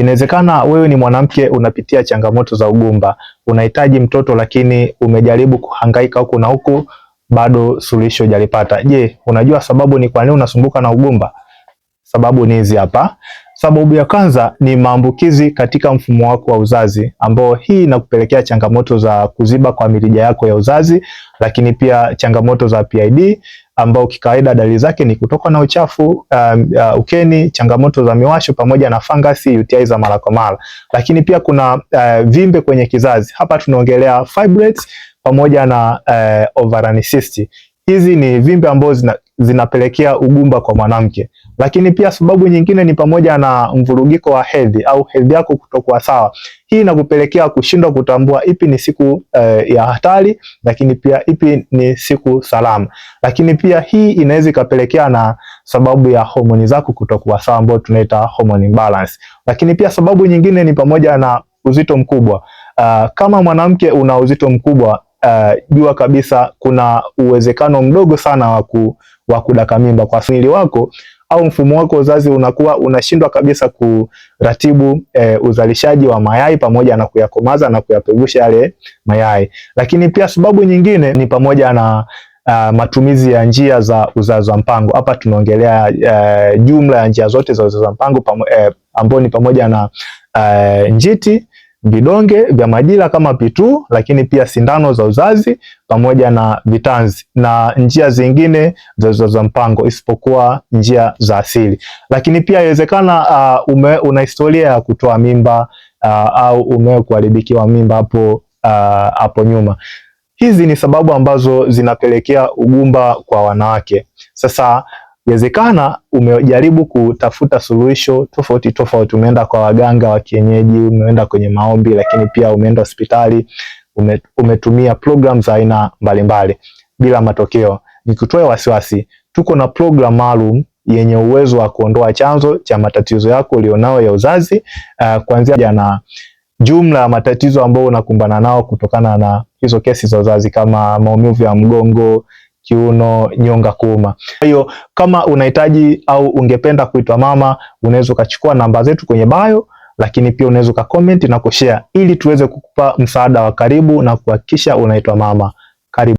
Inawezekana wewe ni mwanamke unapitia changamoto za ugumba, unahitaji mtoto lakini umejaribu kuhangaika huku na huku, bado suluhisho hujalipata. Je, unajua sababu ni kwa nini unasumbuka na ugumba? Sababu ni hizi hapa. Sababu ya kwanza ni maambukizi katika mfumo wako wa uzazi, ambao hii inakupelekea changamoto za kuziba kwa mirija yako ya uzazi, lakini pia changamoto za PID ambao kikawaida dalili zake ni kutokwa na uchafu um, uh, ukeni, changamoto za miwasho pamoja na fangasi, UTI za mara kwa mara, lakini pia kuna uh, vimbe kwenye kizazi. Hapa tunaongelea fibroids pamoja na uh, ovarian cyst. Hizi ni vimbe ambazo zinapelekea ugumba kwa mwanamke. Lakini pia sababu nyingine ni pamoja na mvurugiko wa hedhi au hedhi yako kutokuwa sawa. Hii inakupelekea kushindwa kutambua ipi ni siku eh, ya hatari, lakini pia ipi ni siku salama. Lakini pia hii inaweza ikapelekea na sababu ya homoni zako kutokuwa sawa, ambayo tunaita hormone imbalance. Lakini pia sababu nyingine ni pamoja na uzito mkubwa. Uh, kama mwanamke una uzito mkubwa uh, jua kabisa kuna uwezekano mdogo sana wa ku wa kudaka mimba kwa mwili wako au mfumo wako uzazi unakuwa unashindwa kabisa kuratibu e, uzalishaji wa mayai pamoja na kuyakomaza na kuyapegusha yale mayai. Lakini pia sababu nyingine ni pamoja na Uh, matumizi ya njia za uzazi wa mpango. Hapa tunaongelea uh, jumla ya njia zote za uzazi wa mpango pamo, uh, ambao ni pamoja na uh, njiti vidonge vya majira kama P2, lakini pia sindano za uzazi pamoja na vitanzi na njia zingine za uzazi za mpango isipokuwa njia za asili. Lakini pia inawezekana uh, ume, una historia ya kutoa mimba uh, au umewe kuharibikiwa mimba hapo uh, hapo uh, nyuma. Hizi ni sababu ambazo zinapelekea ugumba kwa wanawake. Sasa Inawezekana umejaribu kutafuta suluhisho tofauti tofauti, umeenda kwa waganga wa kienyeji, umeenda kwenye maombi, lakini pia umeenda hospitali, umetumia programu za aina mbalimbali bila matokeo. Nikutoe wasiwasi, tuko na program maalum yenye uwezo wa kuondoa chanzo cha matatizo yako ulionao ya uzazi uh, kuanzia jana jumla ya matatizo ambayo unakumbana nao kutokana na hizo kesi za uzazi kama maumivu ya mgongo kiuno, nyonga kuuma. Kwa hiyo kama unahitaji au ungependa kuitwa mama, unaweza ukachukua namba zetu kwenye bio, lakini pia unaweza ukakomenti na kushare ili tuweze kukupa msaada wa karibu na kuhakikisha unaitwa mama.